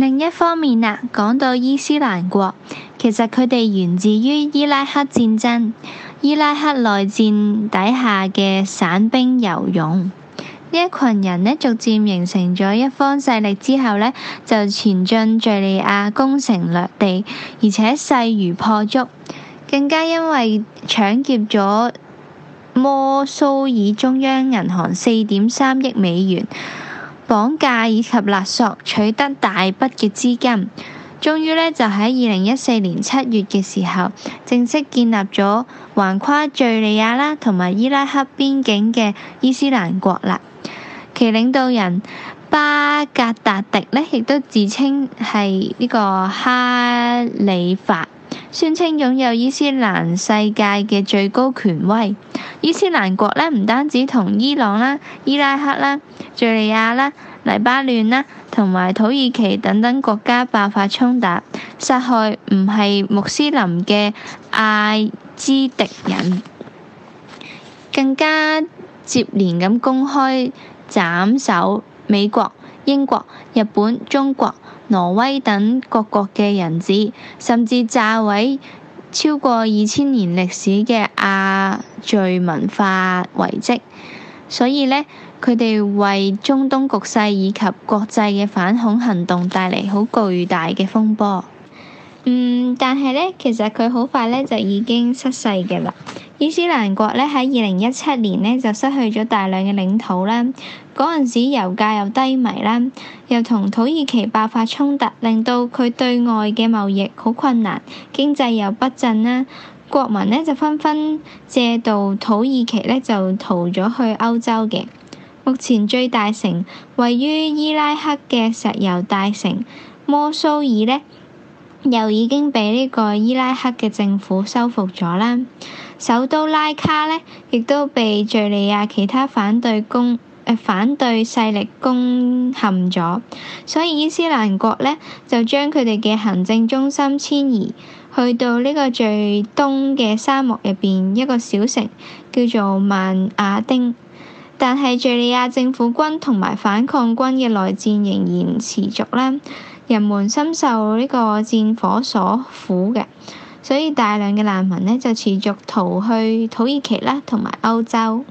另一方面啊，講到伊斯蘭國，其實佢哋源自於伊拉克戰爭、伊拉克內戰底下嘅散兵游勇，呢一群人呢逐漸形成咗一方勢力之後呢，就前進敘利亞攻城略地，而且勢如破竹，更加因為搶劫咗摩蘇爾中央銀行四點三億美元。綁架以及勒索取得大筆嘅資金，終於呢就喺二零一四年七月嘅時候，正式建立咗橫跨敘利亞啦同埋伊拉克邊境嘅伊斯蘭國啦。其領導人巴格達迪呢亦都自稱係呢個哈里法。宣稱擁有伊斯蘭世界嘅最高權威，伊斯蘭國呢，唔單止同伊朗啦、伊拉克啦、敘利亞啦、黎巴嫩啦同埋土耳其等等國家爆發衝突，殺害唔係穆斯林嘅艾茲迪人，更加接連咁公開斬首美國、英國、日本、中國、挪威等各國嘅人質，甚至炸毀超過二千年歷史嘅亞述文化遺跡，所以呢，佢哋為中東局勢以及國際嘅反恐行動帶嚟好巨大嘅風波。嗯，但係呢，其實佢好快呢就已經失勢嘅啦。伊斯蘭國呢喺二零一七年呢就失去咗大量嘅領土啦，嗰陣時油價又低迷啦，又同土耳其爆發衝突，令到佢對外嘅貿易好困難，經濟又不振啦，國民呢就紛紛借道土耳其呢，就逃咗去歐洲嘅。目前最大城位於伊拉克嘅石油大城摩蘇爾呢。又已經被呢個伊拉克嘅政府收復咗啦，首都拉卡呢，亦都被敘利亞其他反對攻、呃、反對勢力攻陷咗，所以伊斯蘭國呢，就將佢哋嘅行政中心遷移去到呢個最東嘅沙漠入邊一個小城叫做曼亞丁，但係敘利亞政府軍同埋反抗軍嘅內戰仍然持續啦。人們深受呢個戰火所苦嘅，所以大量嘅難民呢，就持續逃去土耳其啦，同埋歐洲。